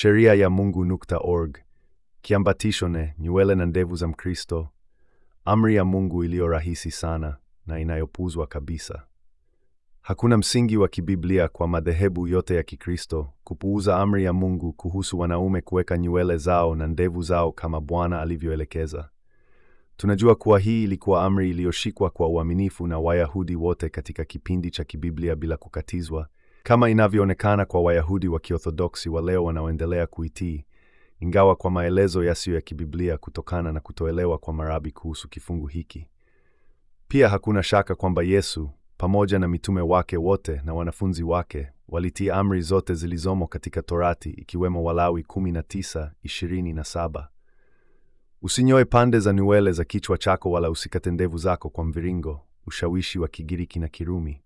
sheria ya Mungu.org, kiambatisho ne nywele na ndevu za Mkristo, amri ya Mungu iliyo rahisi sana na inayopuzwa kabisa. Hakuna msingi wa kibiblia kwa madhehebu yote ya Kikristo kupuuza amri ya Mungu kuhusu wanaume kuweka nywele zao na ndevu zao kama Bwana alivyoelekeza. Tunajua kuwa hii ilikuwa amri iliyoshikwa kwa uaminifu na Wayahudi wote katika kipindi cha kibiblia bila kukatizwa, kama inavyoonekana kwa Wayahudi wa Kiorthodoksi wa leo wanaoendelea kuitii, ingawa kwa maelezo yasiyo ya kibiblia kutokana na kutoelewa kwa marabi kuhusu kifungu hiki. Pia hakuna shaka kwamba Yesu pamoja na mitume wake wote na wanafunzi wake walitii amri zote zilizomo katika Torati ikiwemo Walawi 19:27. Usinyoe pande za nywele za kichwa chako wala usikate ndevu zako kwa mviringo, ushawishi wa Kigiriki na Kirumi.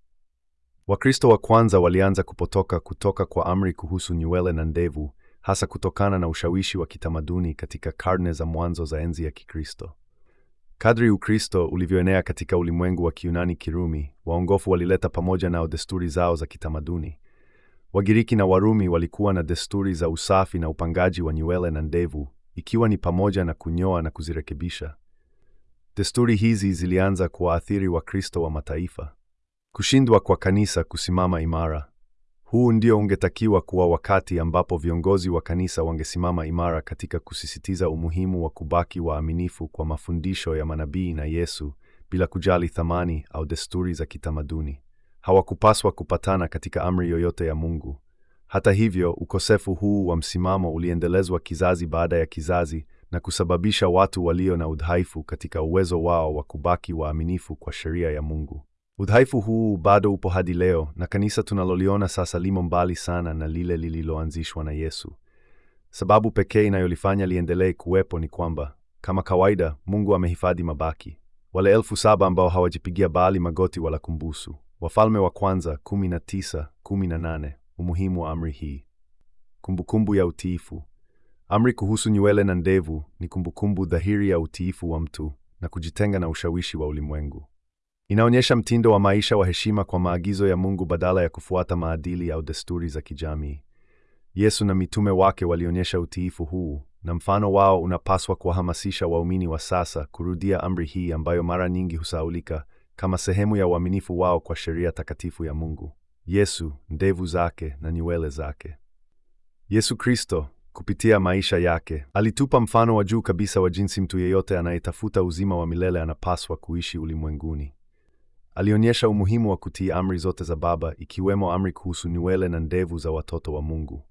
Wakristo wa kwanza walianza kupotoka kutoka kwa amri kuhusu nywele na ndevu, hasa kutokana na ushawishi wa kitamaduni katika karne za mwanzo za enzi ya Kikristo. Kadri Ukristo ulivyoenea katika ulimwengu wa Kiyunani Kirumi, waongofu walileta pamoja nao desturi zao za kitamaduni. Wagiriki na Warumi walikuwa na desturi za usafi na upangaji wa nywele na ndevu, ikiwa ni pamoja na kunyoa na kuzirekebisha. Desturi hizi zilianza kuwaathiri Wakristo wa mataifa. Kushindwa kwa kanisa kusimama imara. Huu ndio ungetakiwa kuwa wakati ambapo viongozi wa kanisa wangesimama imara katika kusisitiza umuhimu wa kubaki waaminifu kwa mafundisho ya manabii na Yesu bila kujali thamani au desturi za kitamaduni. Hawakupaswa kupatana katika amri yoyote ya Mungu. Hata hivyo, ukosefu huu wa msimamo uliendelezwa kizazi baada ya kizazi na kusababisha watu walio na udhaifu katika uwezo wao wa kubaki waaminifu kwa sheria ya Mungu. Udhaifu huu bado upo hadi leo na kanisa tunaloliona sasa limo mbali sana na lile lililoanzishwa na Yesu. Sababu pekee inayolifanya liendelee kuwepo ni kwamba kama kawaida, Mungu amehifadhi mabaki, wale elfu saba ambao hawajipigia Baali magoti wala kumbusu. Wafalme wa Kwanza 19:18. Umuhimu wa amri hii. Kumbukumbu ya utiifu. Amri kuhusu nywele na ndevu ni kumbukumbu dhahiri ya utiifu wa mtu na kujitenga na ushawishi wa ulimwengu. Inaonyesha mtindo wa maisha wa heshima kwa maagizo ya Mungu badala ya kufuata maadili au desturi za kijamii. Yesu na mitume wake walionyesha utiifu huu, na mfano wao unapaswa kuwahamasisha waumini wa sasa kurudia amri hii ambayo mara nyingi husaulika kama sehemu ya uaminifu wao kwa sheria takatifu ya Mungu. Yesu, ndevu zake na nywele zake. Yesu Kristo kupitia maisha yake alitupa mfano wa juu kabisa wa jinsi mtu yeyote anayetafuta uzima wa milele anapaswa kuishi ulimwenguni. Alionyesha umuhimu wa kutii amri zote za Baba, ikiwemo amri kuhusu nywele na ndevu za watoto wa Mungu.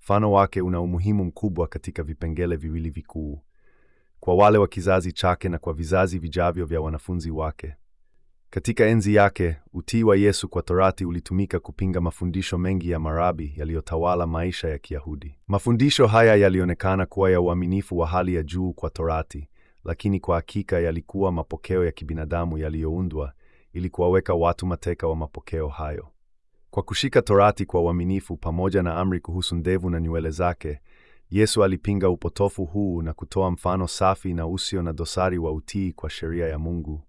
Mfano wake una umuhimu mkubwa katika vipengele viwili vikuu: kwa wale wa kizazi chake na kwa vizazi vijavyo vya wanafunzi wake. Katika enzi yake, utii wa Yesu kwa Torati ulitumika kupinga mafundisho mengi ya marabi yaliyotawala maisha ya Kiyahudi. Mafundisho haya yalionekana kuwa ya uaminifu wa hali ya juu kwa Torati, lakini kwa hakika yalikuwa mapokeo ya kibinadamu yaliyoundwa ili kuwaweka watu mateka wa mapokeo hayo. Kwa kushika Torati kwa uaminifu pamoja na amri kuhusu ndevu na nywele zake, Yesu alipinga upotofu huu na kutoa mfano safi na usio na dosari wa utii kwa sheria ya Mungu.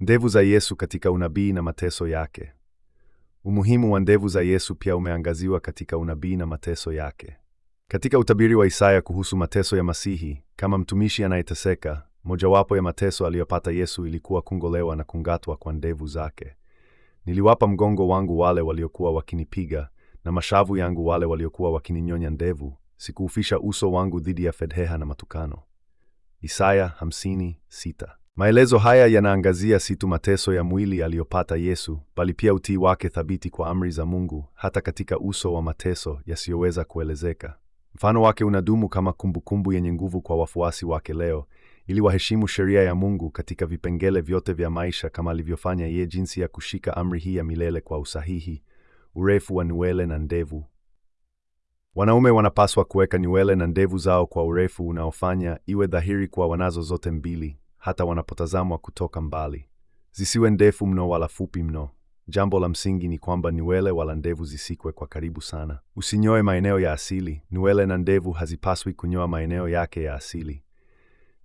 Ndevu za Yesu katika unabii na mateso yake. Umuhimu wa ndevu za Yesu pia umeangaziwa katika unabii na mateso yake. Katika utabiri wa Isaya kuhusu mateso ya Masihi kama mtumishi anayeteseka, Mojawapo ya mateso aliyopata Yesu ilikuwa kungolewa na kungatwa kwa ndevu zake. Niliwapa mgongo wangu wale waliokuwa wakinipiga na mashavu yangu wale waliokuwa wakininyonya ndevu. Sikuufisha uso wangu dhidi ya fedheha na matukano. Isaya hamsini sita. Maelezo haya yanaangazia si tu mateso ya mwili aliyopata Yesu, bali pia utii wake thabiti kwa amri za Mungu hata katika uso wa mateso yasiyoweza kuelezeka. Mfano wake unadumu kama kumbukumbu yenye nguvu kwa wafuasi wake leo, ili waheshimu sheria ya Mungu katika vipengele vyote vya maisha, kama alivyofanya yeye, jinsi ya kushika amri hii ya milele kwa usahihi, urefu wa nywele na ndevu. Wanaume wanapaswa kuweka nywele na ndevu zao kwa urefu unaofanya iwe dhahiri kwa wanazo zote mbili, hata wanapotazamwa kutoka mbali. Zisiwe ndefu mno wala fupi mno. Jambo la msingi ni kwamba nywele wala ndevu zisikwe kwa karibu sana. Usinyoe maeneo ya asili. Nywele na ndevu hazipaswi kunyoa maeneo yake ya asili.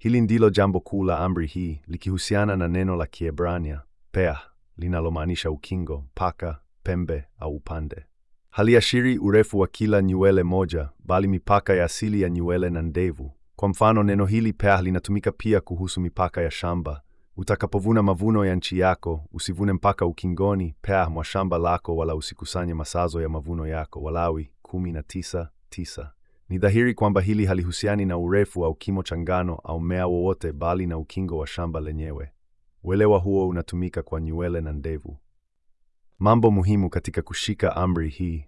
Hili ndilo jambo kuu la amri hii likihusiana na neno la Kiebrania pea linalomaanisha ukingo, paka, pembe au upande. Haliashiri urefu wa kila nywele moja, bali mipaka ya asili ya nywele na ndevu. Kwa mfano, neno hili pea linatumika pia kuhusu mipaka ya shamba. Utakapovuna mavuno ya nchi yako, usivune mpaka ukingoni pea mwa shamba lako, wala usikusanye masazo ya mavuno yako. Walawi 19:9. Ni dhahiri kwamba hili halihusiani na urefu au kimo cha ngano au mmea wowote, bali na ukingo wa shamba lenyewe. Uelewa huo unatumika kwa nywele na ndevu. Mambo muhimu katika kushika amri hii: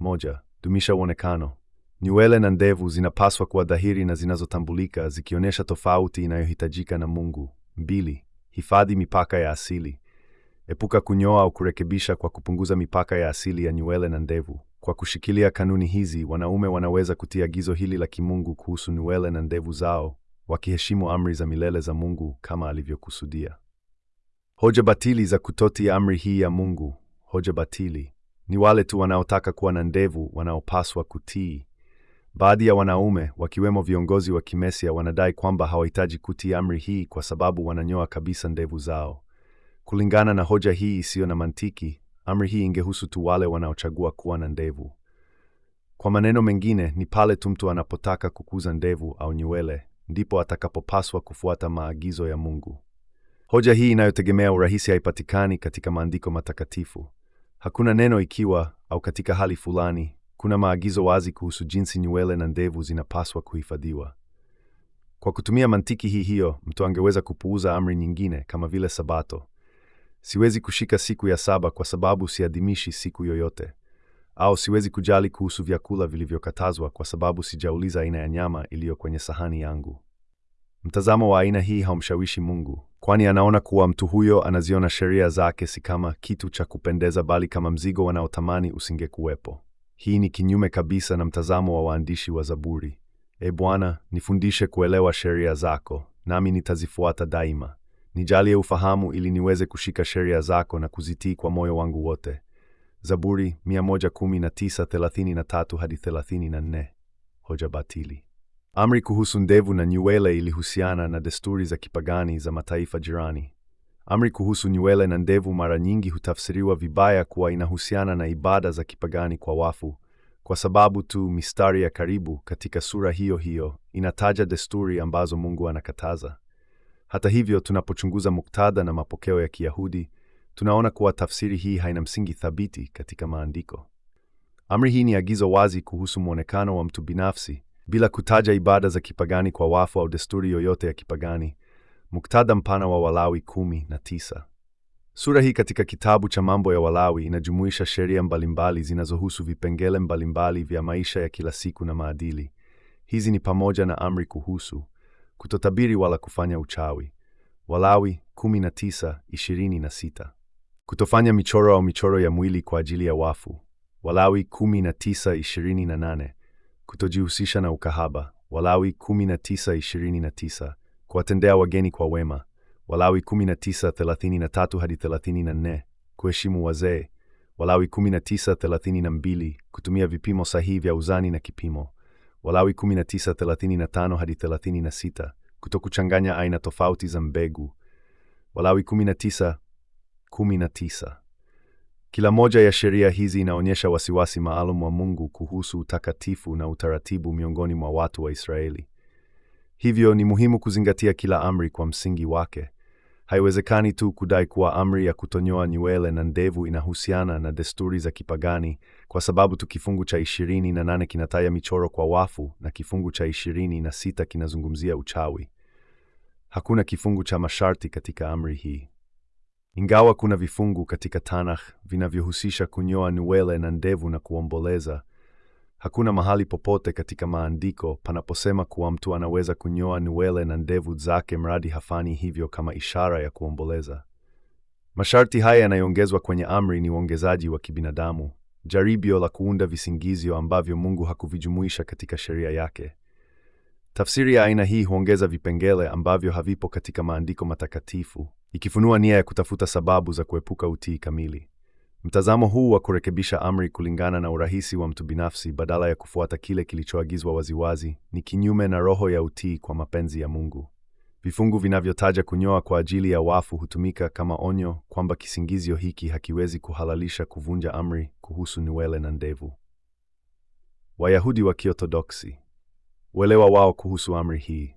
moja, dumisha uonekano. Nywele na ndevu zinapaswa kuwa dhahiri na zinazotambulika, zikionyesha tofauti inayohitajika na Mungu. Mbili, hifadhi mipaka ya asili. Epuka kunyoa au kurekebisha kwa kupunguza mipaka ya asili ya nywele na ndevu. Kwa kushikilia kanuni hizi, wanaume wanaweza kutia agizo hili la kimungu kuhusu nywele na ndevu zao, wakiheshimu amri za milele za Mungu kama alivyokusudia. Hoja batili za kutotii amri hii ya Mungu. Hoja batili ni wale tu wanaotaka kuwa na ndevu wanaopaswa kutii. Baadhi ya wanaume wakiwemo viongozi wa kimesia wanadai kwamba hawahitaji kutii amri hii kwa sababu wananyoa kabisa ndevu zao. Kulingana na hoja hii isiyo na mantiki, Amri hii ingehusu tu wale wanaochagua kuwa na ndevu. Kwa maneno mengine, ni pale tu mtu anapotaka kukuza ndevu au nywele, ndipo atakapopaswa kufuata maagizo ya Mungu. Hoja hii inayotegemea urahisi haipatikani katika maandiko matakatifu. Hakuna neno ikiwa au katika hali fulani. Kuna maagizo wazi kuhusu jinsi nywele na ndevu zinapaswa kuhifadhiwa. Kwa kutumia mantiki hii hiyo, mtu angeweza kupuuza amri nyingine kama vile Sabato. Siwezi kushika siku ya saba kwa sababu siadhimishi siku yoyote, au siwezi kujali kuhusu vyakula vilivyokatazwa kwa sababu sijauliza aina ya nyama iliyo kwenye sahani yangu. Mtazamo wa aina hii haumshawishi Mungu, kwani anaona kuwa mtu huyo anaziona sheria zake si kama kitu cha kupendeza, bali kama mzigo wanaotamani usingekuwepo. Hii ni kinyume kabisa na mtazamo wa waandishi wa Zaburi: E Bwana, nifundishe kuelewa sheria zako, nami nitazifuata daima. Nijalie ufahamu ili niweze kushika sheria zako na kuzitii kwa moyo wangu wote. Zaburi 119:33 hadi 34. Hoja batili. Amri kuhusu ndevu na nywele ilihusiana na desturi za kipagani za mataifa jirani. Amri kuhusu nywele na ndevu mara nyingi hutafsiriwa vibaya kuwa inahusiana na ibada za kipagani kwa wafu, kwa sababu tu mistari ya karibu katika sura hiyo hiyo inataja desturi ambazo Mungu anakataza. Hata hivyo, tunapochunguza muktadha na mapokeo ya Kiyahudi, tunaona kuwa tafsiri hii haina msingi thabiti katika maandiko. Amri hii ni agizo wazi kuhusu mwonekano wa mtu binafsi bila kutaja ibada za kipagani kwa wafu au desturi yoyote ya kipagani. Muktadha mpana wa Walawi kumi na tisa. Sura hii katika kitabu cha Mambo ya Walawi inajumuisha sheria mbalimbali zinazohusu vipengele mbalimbali vya maisha ya kila siku na maadili. Hizi ni pamoja na amri kuhusu kutotabiri wala kufanya uchawi. Walawi 19:26. Kutofanya michoro au michoro ya mwili kwa ajili ya wafu. Walawi 19:28. Kutojihusisha na ukahaba. Walawi 19:29. Kuwatendea wageni kwa wema. Walawi 19:33 hadi 34. Kuheshimu wazee. Walawi 19:32. Kutumia vipimo sahihi vya uzani na kipimo. Walawi 19:35 hadi 36, kutokuchanganya aina tofauti za mbegu. Walawi 19:19. Kila moja ya sheria hizi inaonyesha wasiwasi maalum wa Mungu kuhusu utakatifu na utaratibu miongoni mwa watu wa Israeli. Hivyo ni muhimu kuzingatia kila amri kwa msingi wake. Haiwezekani tu kudai kuwa amri ya kutonyoa nywele na ndevu inahusiana na desturi za kipagani, kwa sababu tu kifungu cha ishirini na nane kinataya michoro kwa wafu na kifungu cha ishirini na sita kinazungumzia uchawi. Hakuna kifungu cha masharti katika amri hii. Ingawa kuna vifungu katika Tanakh vinavyohusisha kunyoa nywele na ndevu na kuomboleza, Hakuna mahali popote katika maandiko panaposema kuwa mtu anaweza kunyoa nywele na ndevu zake mradi hafani hivyo kama ishara ya kuomboleza. Masharti haya yanayoongezwa kwenye amri ni uongezaji wa kibinadamu, jaribio la kuunda visingizio ambavyo Mungu hakuvijumuisha katika sheria yake. Tafsiri ya aina hii huongeza vipengele ambavyo havipo katika maandiko matakatifu, ikifunua nia ya kutafuta sababu za kuepuka utii kamili. Mtazamo huu wa kurekebisha amri kulingana na urahisi wa mtu binafsi badala ya kufuata kile kilichoagizwa waziwazi ni kinyume na roho ya utii kwa mapenzi ya Mungu. Vifungu vinavyotaja kunyoa kwa ajili ya wafu hutumika kama onyo kwamba kisingizio hiki hakiwezi kuhalalisha kuvunja amri kuhusu nywele na ndevu. Wayahudi wa Kiorthodoksi, uelewa wao kuhusu amri hii.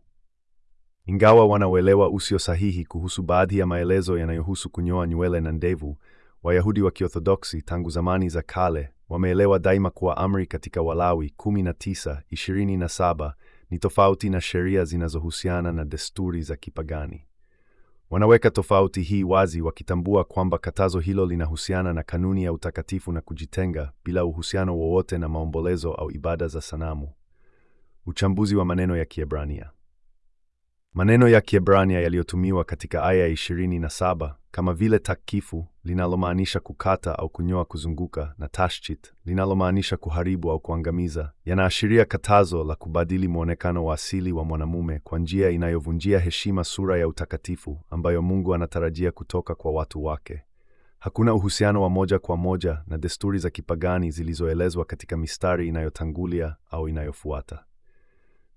Ingawa wanauelewa usio sahihi kuhusu baadhi ya maelezo yanayohusu kunyoa nywele na ndevu, Wayahudi wa Kiorthodoksi tangu zamani za kale wameelewa daima kuwa amri katika Walawi 19:27 ni tofauti na sheria zinazohusiana na desturi za kipagani. Wanaweka tofauti hii wazi wakitambua kwamba katazo hilo linahusiana na kanuni ya utakatifu na kujitenga bila uhusiano wowote na maombolezo au ibada za sanamu. Uchambuzi wa maneno ya Kiebrania. Maneno ya Kiebrania yaliyotumiwa katika aya ya 27 kama vile takifu linalomaanisha kukata au kunyoa kuzunguka na tashchit linalomaanisha kuharibu au kuangamiza yanaashiria katazo la kubadili mwonekano wa asili wa mwanamume kwa njia inayovunjia heshima sura ya utakatifu ambayo Mungu anatarajia kutoka kwa watu wake. Hakuna uhusiano wa moja kwa moja na desturi za kipagani zilizoelezwa katika mistari inayotangulia au inayofuata.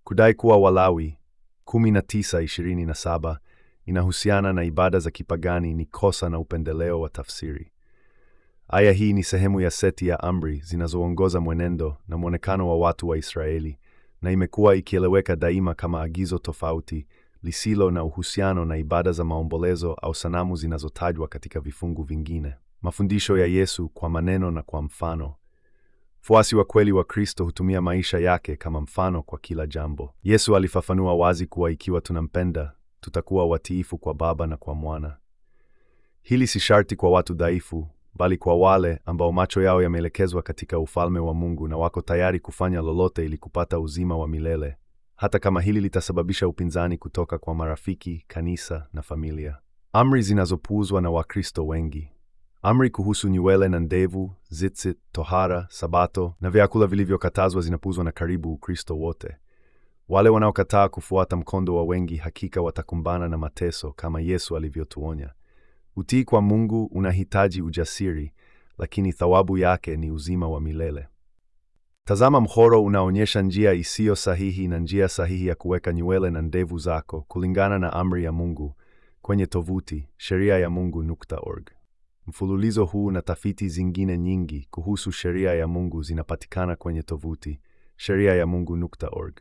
Kudai kuwa Walawi 19:27 inahusiana na ibada za kipagani ni kosa na upendeleo wa tafsiri. Aya hii ni sehemu ya seti ya amri zinazoongoza mwenendo na mwonekano wa watu wa Israeli na imekuwa ikieleweka daima kama agizo tofauti lisilo na uhusiano na ibada za maombolezo au sanamu zinazotajwa katika vifungu vingine. Mafundisho ya Yesu kwa maneno na kwa mfano Mfuasi wa kweli wa Kristo hutumia maisha yake kama mfano kwa kila jambo. Yesu alifafanua wazi kuwa ikiwa tunampenda, tutakuwa watiifu kwa Baba na kwa Mwana. Hili si sharti kwa watu dhaifu, bali kwa wale ambao macho yao yameelekezwa katika ufalme wa Mungu na wako tayari kufanya lolote ili kupata uzima wa milele, hata kama hili litasababisha upinzani kutoka kwa marafiki, kanisa na familia. Amri zinazopuuzwa na Wakristo wengi. Amri kuhusu nywele na ndevu, zitzit, tohara, sabato na vyakula vilivyokatazwa zinapuzwa na karibu Ukristo wote. Wale wanaokataa kufuata mkondo wa wengi hakika watakumbana na mateso kama Yesu alivyotuonya. Utii kwa Mungu unahitaji ujasiri, lakini thawabu yake ni uzima wa milele. Tazama, mchoro unaonyesha njia isiyo sahihi na njia sahihi ya kuweka nywele na ndevu zako kulingana na amri ya Mungu kwenye tovuti sheria ya mungu.org. Mfululizo huu na tafiti zingine nyingi kuhusu sheria ya Mungu zinapatikana kwenye tovuti sheria ya mungu.org.